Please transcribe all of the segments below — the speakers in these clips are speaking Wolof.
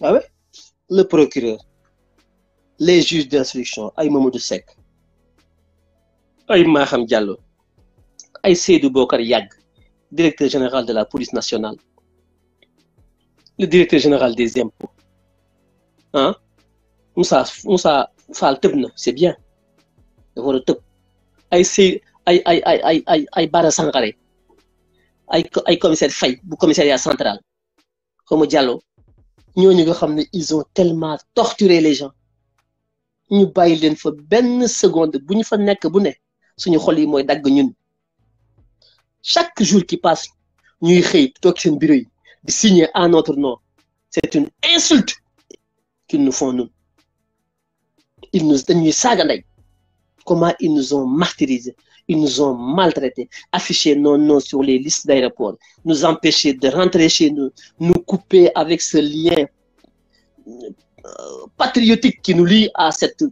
Ah oui, Le procureur, les juges d'instruction, Aïe Mamoudou Sek, Aïe Maham Diallo, Aïe Seydou Bokar Yag, directeur général de la police nationale, le directeur général des impôts, hein? Moussa, Moussa Fal Tebna, c'est bien. Voilà, Teb. Aïe Seydou. ay ay ay ay ay Bara Sangare, ay commissaire Faye commissariat central comme Diallo ils ont tellement torturé les gens ñu bayil len fa une seconde bu fa nek bu ne suñu xol yi chaque jour qui passe ñuy xey tok seen bureau yi di signer à notre nom c'est une insulte qu'ils nous font nous ils nous dañuy saga comment ils nous ont martyrisé. ils nous ont maltraité. Afficher nos noms sur les listes d'aéroports nous empêcher de rentrer chez nous nous couper avec ce lien euh, patriotique qui nous lie à cette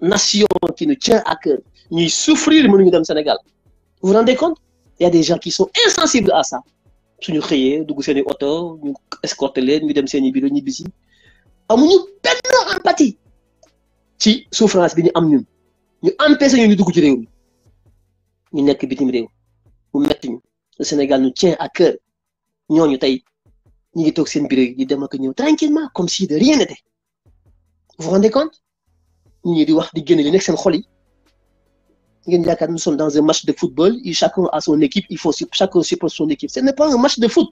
nation qui nous tient à cœur. Nous souffrir, nous sommes Sénégal. Vous vous rendez compte Il y a des gens qui sont insensibles à ça. Nous créés, nous sommes auto, nous escortons, nous sommes des bureaux, nous sommes amuñu benn empathie ci souffrance bi nous am nous ñu nous nous nous nous ci nous mi nous sommes bitim nous mu metti le Sénégal nous tient à cœur sommes tey ñu ngi toog seen bureau yi di dem ak ñëw tranquillement comme si de rien n'était vous vous rendez compte ñii di wax di génne li nekk seen xol yi ngeen yaakaar nous sommes dans un match de football et chacun a son équipe il faut chacun supporte son équipe ce n'est pas un match de foot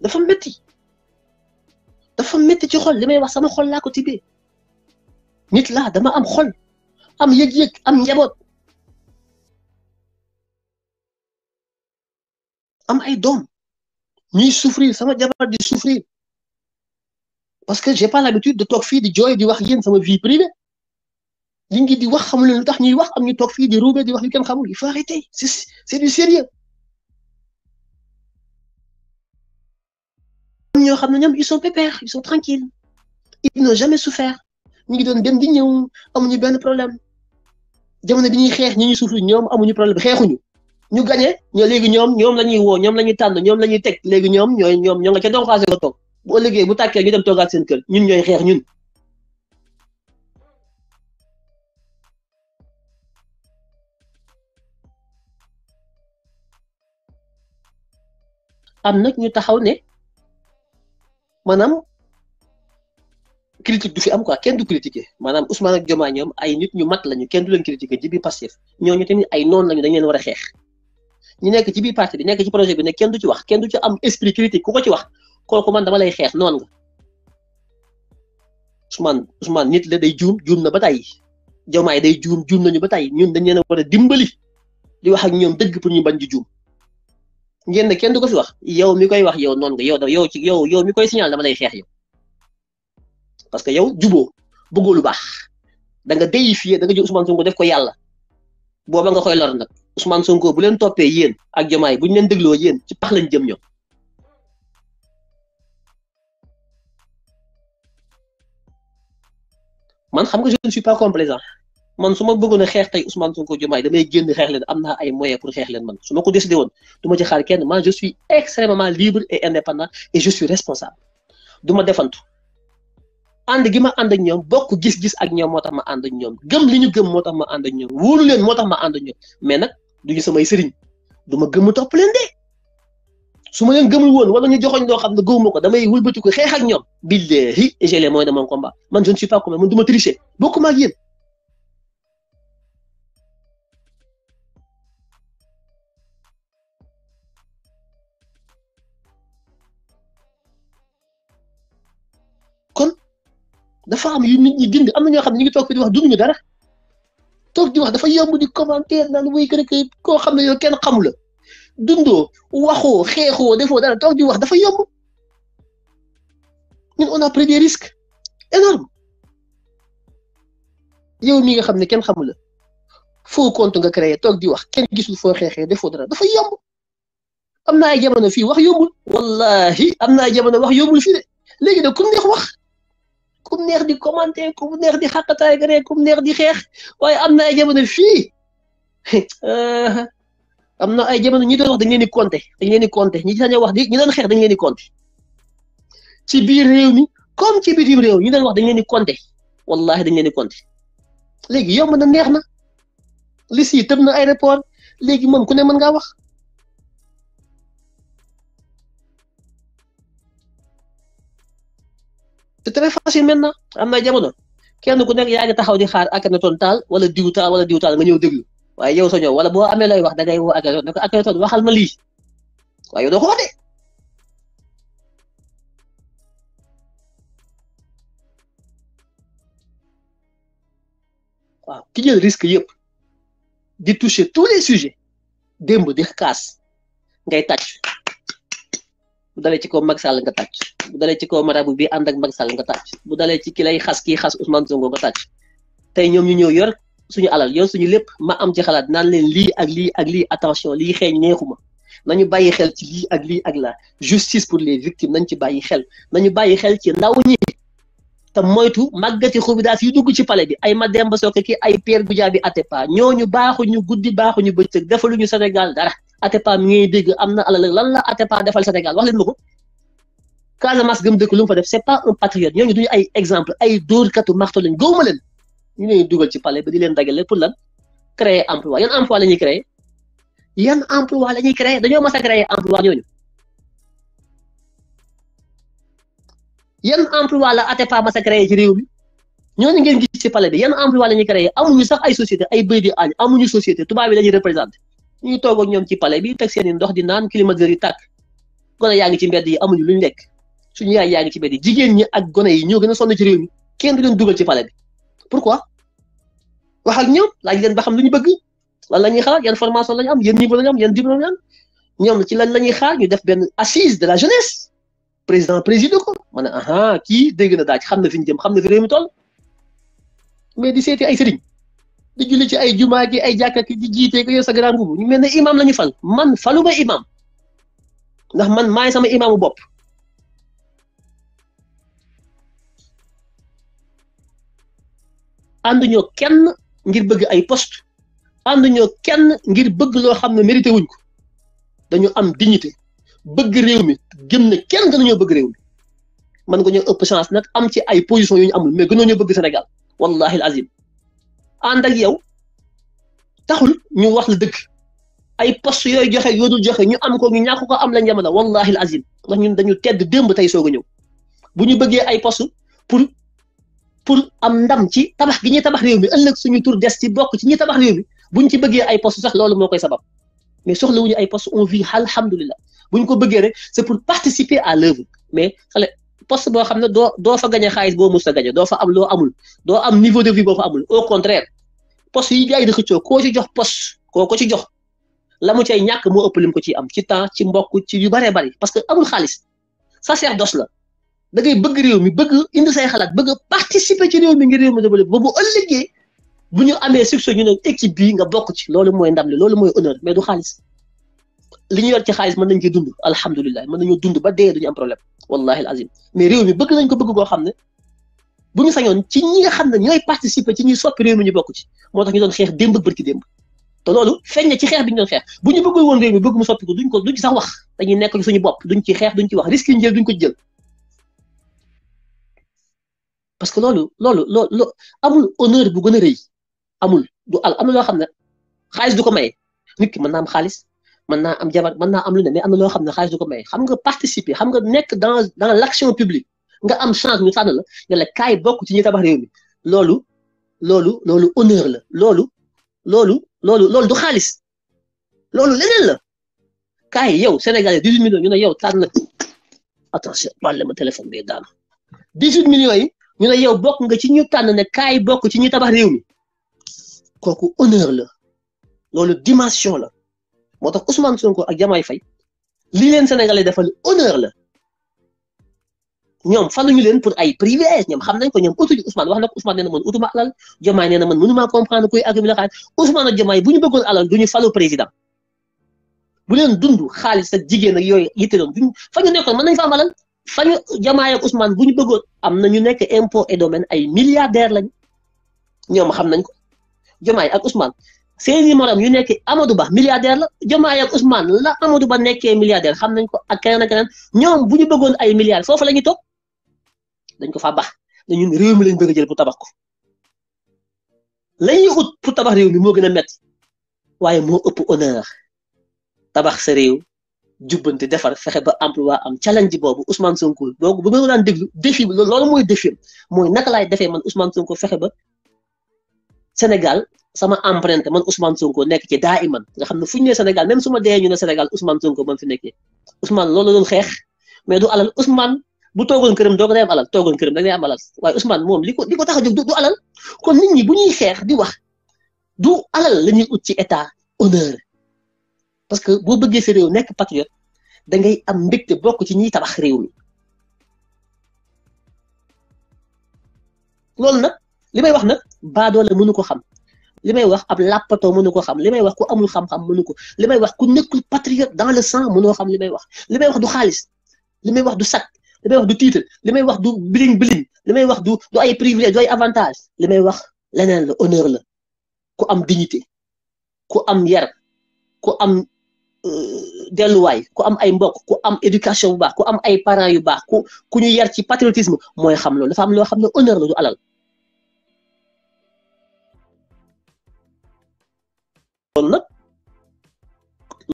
dafa métti dafa métti ci xol li may wax sama xol laa ko tibbee nit laa dama am xol am yeg yeg, am njaboot am ay dom, souffrir sama di souffrir parce que j'ai pas l'habitude de toog fi di de di wax sama vie privée ngi di wax lu tax ñuy wax am ñu di di wax il faut arrêter c'est du sérieux ñoo ils sont pépères ils sont tranquilles ils n'ont jamais souffert ñu ngi doon dem di problème jamono bi ñuy xeex ñi ñuy suufu ñoom amuñu problème xeexuñu ñu gañe ñoo léegi ñoom ñoom la ñuy woo ñoom la ñuy tànn ñoom la ñuy teg léegi ñoom ñooy ñoom ñoo nga ca donxaase ko toog bu ëllëgee bu tàkkee ñu dem toogaat seen kër ñun ñooy xeex ñun am nag ñu taxaw ne maanaam critique du fi am ko kenn du critiquer maanaam Ousmane ak Diomaye ñoom ay nit ñu mat lañu kenn du leen critiquer ci biir Pastef ñooñu tamit ay noonu lañu dañ leen war a xeex ñu nekk ci biir parti nekk ci projet bi ne kenn du ci wax kenn du am esprit critique ku ko ci wax kooku man dama lay xeex noonu nga Ousmane Ousmane nit la day juum juum na ba tey Diomaye day juum juum nañu ba tey ñun dañ leen war a dimbali di wax ak ñoom dëgg pour ñu bañ di juum ngeen kenn du ko fi wax yow mi koy wax yow noonu nga yow yow ci yow yow mi koy signal dama lay xeex yow. parce que yow juboo bëggoo lu baax danga nga déifier danga nga jël Ousmane def ko yàlla booba nga koy lor nag Ousmane Sonko bu leen toppee yéen ak jomaay bu ñu leen dégloo yéen ci pax lañ jëm ñoom. man xam nga je ne suis pas complaisant man su ma bëggoon a xeex tey Ousmane Sonko jomaay damay génn xeex leen am na ay moyens pour xeex leen man su ma ko décidé woon du ma ci xaar kenn man je suis extrêmement libre et indépendant et je suis responsable du ma defantu. ànd gi ma ànd ak ñoom bokk gis-gis ak ñoom moo tax ma ànd ñoom gëm li ñu gëm moo tax ma ànd ak ñoom wóolu leen moo tax ma ànd ñoom mais nag duñu samay sëriñ du ma gëm topp leen de su ma leen gëmul woon wala ñu joxoñ loo xam ne gëmuma ko damay wëlbatiku xeex ak ñoom billahi j'ai les moo de mon combat man je ne suis pas comme man du ma tricher bokkuma ak yéen dafa am yu nit ñi dindi am na ñoo xam ne ñu ngi toog fi di wax dara toog di wax dafa yomb di commentaire naan wuy gën a kay koo xam ne yow kenn xamu la dundoo waxoo xeexoo defoo dara toog di wax dafa yomb ñun on a pris des risques énormes yow mi nga xam ne kenn xamu la foo compte nga créé toog di wax kenn gisul foo xeexee defoo dara dafa yomb am na ay jamono fii wax yombul wallahi am na ay jamono wax yombul fi léegi nag ku neex wax. kum neex di commenter kum neex di xàqataay ga rek kum neex di xeex waaye am na ay jamono fii euh, am na ay jamono ñi doon wax dañ leen di compter dañ leen di compter ñi sañ a wax ñi doon xeex dañ leen di compter ci biir réew mi comme ci bitim réew ñi doon wax dañ leen di compter wallahi dañ leen di compter léegi yomb na neex na li si na aéroport léegi moom ku ne mën ngaa wax. c'est très facile na am na jamono kenn ku nekk yaa ngi taxaw di xaar Akhenaton Tall wala diw Tall wala diw Tall nga ñëw déglu waaye yow soo ñëw wala boo amee lay wax da ngay woo Akhenaton ne ko Akhenaton waxal ma lii waaye yow doo ki jël risque yëpp di toucher tous les sujets démb di kaas ngay tàcc. bu ci kaw Macky Sall nga tàcc bu ci kaw marabu bi ànd ak Macky Sall nga tàcc bu dalee ci ki lay xas kii xas Ousmane Sonko nga tàcc tey ñoom ñu ñëw yor suñu alal yor suñu lépp ma am ci xalaat naan leen lii ak lii ak lii attention lii xeeñ neexuma ñu bàyyi xel ci lii ak lii ak la justice pour les victimes nañ ci bàyyi xel na ñu bàyyi xel ci ndaw ñi te moytu màggati xubidaas yu dugg ci pale bi ay Mademba Sooke ki ay Pierre Goudiaby Atepa ñooñu baaxuñu guddi baaxuñu bëccëg defaluñu Sénégal dara Atepa mi ngi dégg am na alal lan la Atepa defal Sénégal wax leen ma ko Casamance gëm dëkk lu mu fa def c'est pas un patriote ñooñu duñu ay exemple ay dóorkatu marto lañ gëwuma leen ñu leen dugal ci palais bi di leen dagale pour lan créer emploi yan emploi la ñuy créer yan emploi la ñuy créer dañoo mas a créer emploi ñooñu yan emploi la Atepa mas a créer ci réew mi ñooñu di gis ci palais bi yan emploi la ñuy créer amuñu sax ay société ay bëy amuñu société tubaab yi la ñuy ñu toog ak ñoom ci pale bi teg seen i ndox di naan climatiseur yi tàkk gone yaa ngi ci mbedd yi amuñu luñ lekk suñu yaay yaa ngi ci mbedd yi jigéen ñi ak gone yi ñoo gën a sonn ci réew mi kenn du leen dugal ci pale bi pourquoi wax ak ñoom laaj leen ba xam lu ñu bëgg lan la ñuy xalaat yan formation lañ am yan niveau la ñu am yan diplôme ñoom ci lan la ñuy xaar ñu def benn assise de la jeunesse président président ko ma ne aha kii dégg na daaj xam na fi ñu jëm xam na fi réew mi toll mais di seeti ay di julli ci ay juma ji ay jakka ki di jité ko yeesa grand bubu ñu melni imam lañu fal man falu ba imam ndax man maay sama imam bop andu ñoo kenn ngir bëgg ay poste andu ñoo kenn ngir bëgg lo xamne mérité wuñ ko dañu am dignité bëgg réew mi gëm ne kenn ñoo bëgg réew mi man nga ñoo ëpp chance nak am ci ay position yu ñu amul mais gënoo ñoo bëgg Sénégal wallahi azim ànd ak yow taxul ñu wax la dëgg ay poste yooyu joxe yoodul joxe ñu am ko ñu ñàkk ko am la njamala wallahi al azim ndax ñun dañu tedd démb tey soog a ñëw bu ñu bëggee ay poste pour pour am ndam ci tabax gi ñuy tabax réew mi ëllëg suñu tur des ci bokk ci ñi tabax réew bu ñu ci bëggee ay poste sax loolu moo koy sabab mais soxlawuñu ay post on vit bu ñu ko bëggee rek c'est pour participer à l'œuvre mais xale poste boo xam ne doo doo fa gañ a boo mus a gañ doo fa am loo amul doo am niveau de vie boo fa amul au contraire poste yi gars yi di xëccoo koo ci jox post koo ko ci jox la mu cay ñàkk moo ëpp lim ko ciy am ci temps ci mbokk ci yu baree bari parce que amul xaalis sacerdoce la da ngay bëgg réew mi bëgg indi say xalaat bëgg participer ci réew mi ngir réew mi développé bu ñu amee succès ñu ne équipe nga bokk ci loolu mooy ndam li loolu mooy honneur mais du xaalis li ñu yor ci xaalis mën nañ ci dund alhamdulilah mën nañoo dund ba dee duñu am problème wallahi alazim mais réew mi bëgg nañ ko bëgg koo xam ne bu ñu sañoon ci ñi nga xam ne ñooy participer ci ñuy soppi réew mi ñu bokk ci moo tax ñu doon xeex démb bërki démb te loolu feeñ na ci xeex bi ñu doon xeex bu ñu bëggul woon réew mi bëgg mu soppi ko duñ ko duñ ci sax wax dañuy nekk ci suñu bopp duñ ci xeex duñ ci wax risque yi jël duñ ko jël parce que loolu loolu loolu amul honneur bu gën a rëy amul du al am loo xam ne xaalis du ko maye nit ki mën na am xaalis mën naa am jabar am ne mais am na participer xam nga dans dans publique nga am chance ñu la la kaay bokk ci ñi tabax honneur la loolu loolu loolu loolu du xaalis loolu leneen la kaay yow Sénégalais 18 millions ñu ne yow attention wàlle ma téléphone bi daanu 18 millions yi ñu ne yow bokk nga ci ñu tànn ne kaay ci tabax mi honneur la dimension moo tax Ousmane Sonko ak Diomaye Faye lii leen sénégalais defal honneur la ñoom faluñu leen pour ay privilèges ñoom xam nañ ko ñoom utuñu Ousmane wax na ko Ousmane nee na man utuma alal Diomaye nee na man mënumaa comprendre kuy agri bi la xaar Ousmane ak Diomaye bu ñu bëggoon alal du ñu falu président bu leen dund xaalis ak jigéen ak yooyu yitteloon duñ fa ñu nekkoon mën nañ fa am alal fa ñu Diomaye ak Ousmane bu ñu bëggoon am na ñu nekk impot et domaine ay milliardaires lañ ñoom xam nañ ko Diomaye ak Ousmane seeni morom yu nekk Amadou Ba milliardaire la Diomaye ak la Amadou Ba nekkee milliardaire xam nañ ko ak keneen ak keneen ñoom bu ñu bëggoon ay milliards foofu la ñuy toog dañ ko fa baax ne ñun réew mi lañ bëgg a jël pour tabax ko la ñuy pour tabax réew mi moo gën a métti waaye moo ëpp honneur tabax sa réew jubbanti defar fexe ba emploi am challenge boobu Ousmane Sonko donc bu ma daan déglu défi bi loolu mooy défi mooy naka laay defee man Ousmane Sonko fexe ba Sénégal. sama empreinte man Ousmane Sonko nekk ci daa man nga xam ne fu ñu nee Sénégal même su ma dee ñu ne Sénégal Ousmane Sonko man fi nekkee Ousmane loolu doon xeex mais du alal Ousmane bu toogoon këram doo ko day am alal toogoon da ngay am alal waaye moom li ko li ko tax a jóg du alal kon nit ñi bu ñuy xeex di wax du alal la ut ci état honneur parce que boo bëggee sa réew nekk patriote da ngay am mbégte bokk ci ñiy tabax réew mi loolu nag li may wax na baadoo la mënu ko xam. limay wax ab le mënu ko xam limay wax ku amul xam-xam mënu ko limay patriote dans le sang mënoo xam le wax limay wax du xaalis limay wax du sac limay wax du titre limay wax du bling bling limay wax du du ay privilège du ay avantage limay wax leneen la honneur la ku am dignité ku am yar ku am euh, delluwaay ku am ay mbokk ku am éducation ku am ay parents yu patriotisme xam dafa am honneur la du alal loolu nag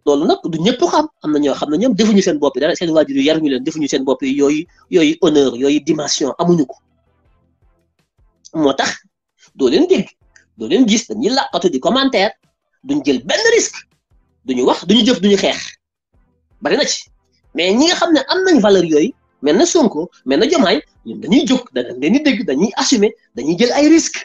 loolu nag du ñëpp xam am na ñoo xam ne ñoom defuñu seen bopp dara seen waajur yu yaruñu leen defuñu seen bopp yooyu yooyu honneur yooyu dimension amuñu ko moo tax doo leen dégg doo leen gis dañuy làqatu di commentaire duñ jël benn risque duñu wax duñu jëf duñu xeex bari na ci mais ñi nga xam ne am nañ valeur yooyu mel na Sonko mel na Jomaay ñu dañuy jóg dañ leen di dégg dañuy assumé dañuy jël ay risque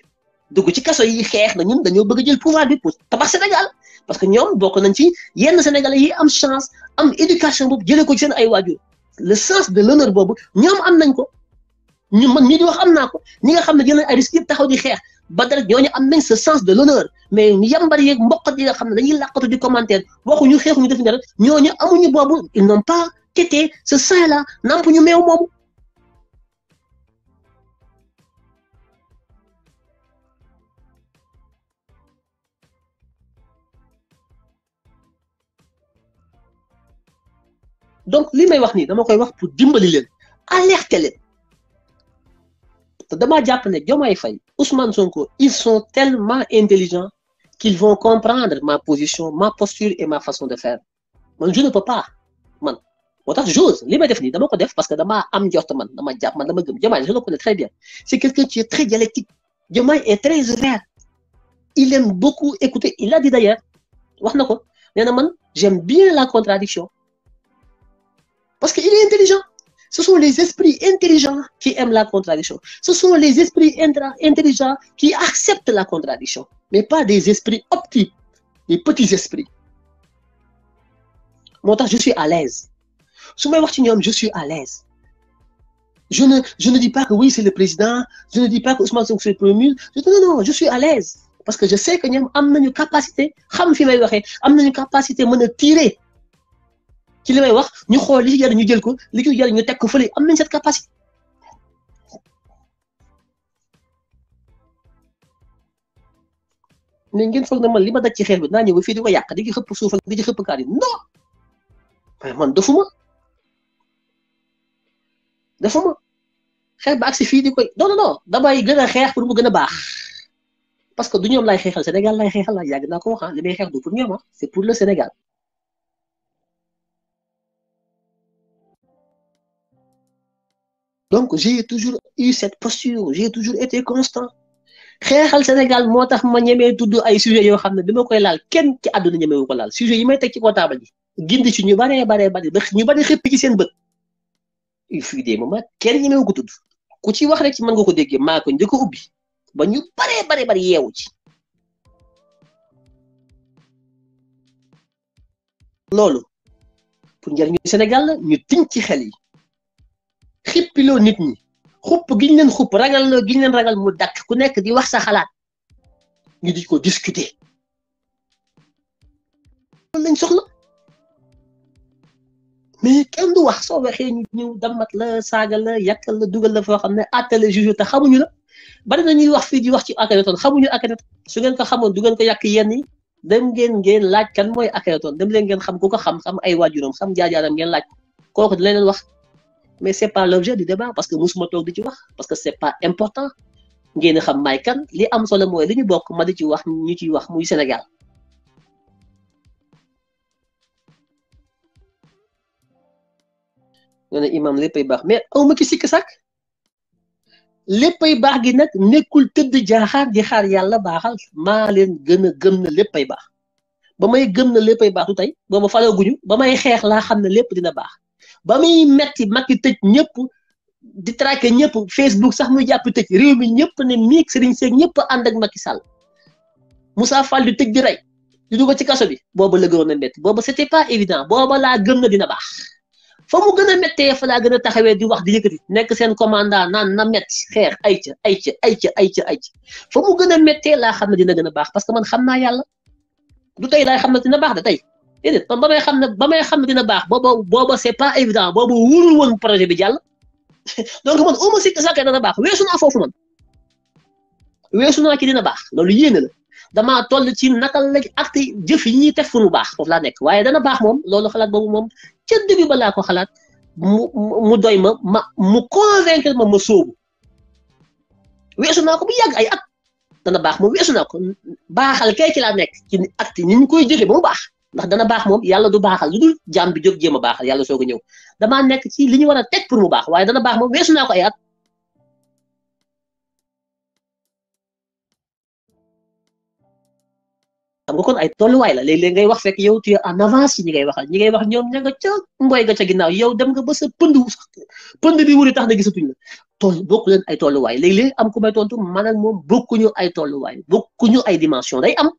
dugg ci kaso yi xeex na ñun dañoo bëgg jël pouvoir bi pour tabax Sénégal parce que ñoom bokk nañ ci yenn Sénégalais yi am chance am éducation boobu jëlee ko ci seen ay waajur le sens de l'honneur boobu ñoom am nañ ko ñu man ñi di wax am naa ko ñi nga xam ne jël nañ yëpp taxaw di xeex ba dara am nañ ce sens de l'honneur mais yambar yeeg mboq yi nga xam ne dañuy làqatu di commentaire waxuñu xeexuñu def dara ñooñu amuñu boobu ils n'ont pas tété ce sein là namp ñu meew moomu. donc li may wax ni dama koy wax pour dimbali len alerter len te dama japp ne jomay fay Ousmane Sonko ils sont tellement intelligents qu'ils vont comprendre ma position ma posture et ma façon de faire man je ne peux pas man moo tax j'ose li may def ni dama ko def parce que dama am njort man dama japp man dama gëm jomay je le connais très bien c'est quelqu'un qui est très dialectique jomay est très ouvert il aime beaucoup écouter il a dit d'ailleurs wax na ko man j'aime bien la contradiction parce qu'il est intelligent. Ce sont les esprits intelligents qui aiment la contradiction. Ce sont les esprits intelligents qui acceptent la contradiction, mais pas des esprits optiques, des petits esprits. Moi, je suis à l'aise. je suis à l'aise. Je ne, je ne dis pas que oui, c'est le président. Je ne dis pas que Ousmane Sonko c'est le premier ministre. Je non, non, je suis à l'aise. Parce que je sais que nous avons une capacité, nous avons une capacité de tirer ci limay wax ñu xool li ci jariñ ñu jël ko li ci jariñ ñu teg ko fële am nañ cette capacité ne ngeen fogg na man li ma daj ci xeer bi naa ñëw ba fii di ko yàq di ci xëpp suuf ak di ci xëpp kaar yi non mais man dafuma dafuma xeex ba agsi fii di koy non non non damay gën a xeex pour mu gën a baax parce que du ñoom lay xeexal Sénégal lay xeexal la yàgg naa ko wax li may xeex du pour ñoom ah c'est pour le Sénégal donc j'ai toujours eu cette posture j'ai toujours été constant xeexal Sénégal moo tax ma ñemee tudd ay sujet yoo xam ne bi ma koy laal kenn ci àdduna ñemewu ko laal sujet yi may teg ci kaw taabal ji gindi ci ñu baree baree bari ba ñu bari xëpp ci seen bët il fut des moments kenn ñemewu ko tudd ku ci wax rek ci mën nga ko déggee maa ko njëkk ubbi ba ñu baree baree bari yeewu ci loolu pour njëriñu Sénégal la ñu tiñ ci xel yi xippiloo nit ñi xupp giñ leen xupp ragal loo giñ leen ragal mu dakk ku nekk di wax sa xalaat ñu di ko discuter loolu lañ soxla mais kenn du wax soo waxee ñu ñëw dammat la saaga la yàkkal la dugal la foo xam ne attale juge te xamuñu la bari na ñuy wax fii di wax ci Akhenaton xamuñu Akhenaton su ngeen ko xamoon du ngeen ko yàq yenn yi dem ngeen ngeen laaj kan mooy Akhenaton dem leen ngeen xam ku ko xam xam ay waajuram xam jaajaaram ngeen laaj ko kooku dina leen wax mais c'est pas l'objet du débat parce que musuma toog di ci wax parce que c'est pas important ngeen xam may kan li am solo mooy li ñu bokk ma di ci wax ñu ciy wax muy Sénégal ñu ne imam léppay baax mais awma ki sikk sàkk léppay baax gi nag nekkul tëdd jaaxaar di xaar yàlla baaxal maa leen gën a gëm na léppay baax ba may gëm na léppay baax du tey booba faloo guñu ba may xeex laa xam ne lépp dina baax ba muy metti Macky tëj ñëpp di traqué ñëpp Facebook sax muy jàpp tëj réew mi ñëpp ne miig Serigne Seck ñëpp ànd ak Macky Sall Moussa Fall di tëj di rey di dugg ci kaso bi booba la gënoon a metti booba c'était pas évident booba laa gëm na dina baax fa mu gën a méttee fa laa gën a taxawee di wax di yëkkati nekk seen commandant naan na metti xeex ayca ay ayca ay ayca fa mu gën a méttee laa xam ne dina gën a baax parce que man xam naa yàlla du tey laay xam ne dina baax da tey déedéet kon ba may xam na ba may xam ne dina baax booba booba c'est pas évident booba wóorul woon projet bi jàll donc man au moins si dana baax weesu naa foofu man weesu naa ki dina baax loolu yéene damaa toll ci naka la acte jëf yi ñuy teg fu nu baax foofu laa nekk waaye dana baax moom loolu xalaat boobu moom ca début ba laa ko xalaat mu mu doy ma ma mu convaincre ma ma sóobu weesu naa ko at dana baax moom weesu naa ko baaxal kay ci nekk ci acte ñi ñu koy jëfe ba mu baax ndax dana baax moom yàlla du baaxal lu dul jaam bi jóg jéem a baaxal yàlla soog ko ñëw damaa nekk ci li ñu war a teg pour mu baax waaye dana baax moom weesu naa ko ay at xam kon ay tolluwaay la léeg ngay wax fekk yow tu es en avance ci ñi ngay ñi ngay wax ñoom nga ca ngoy nga ca ginnaaw yow dem nga sa pënd sax bi wuri tax na gisatuñ la tool leen ay tolluwaay léeg am ku may tontu man moom moom ñu ay tolluwaay bokkuñu ay dimension day am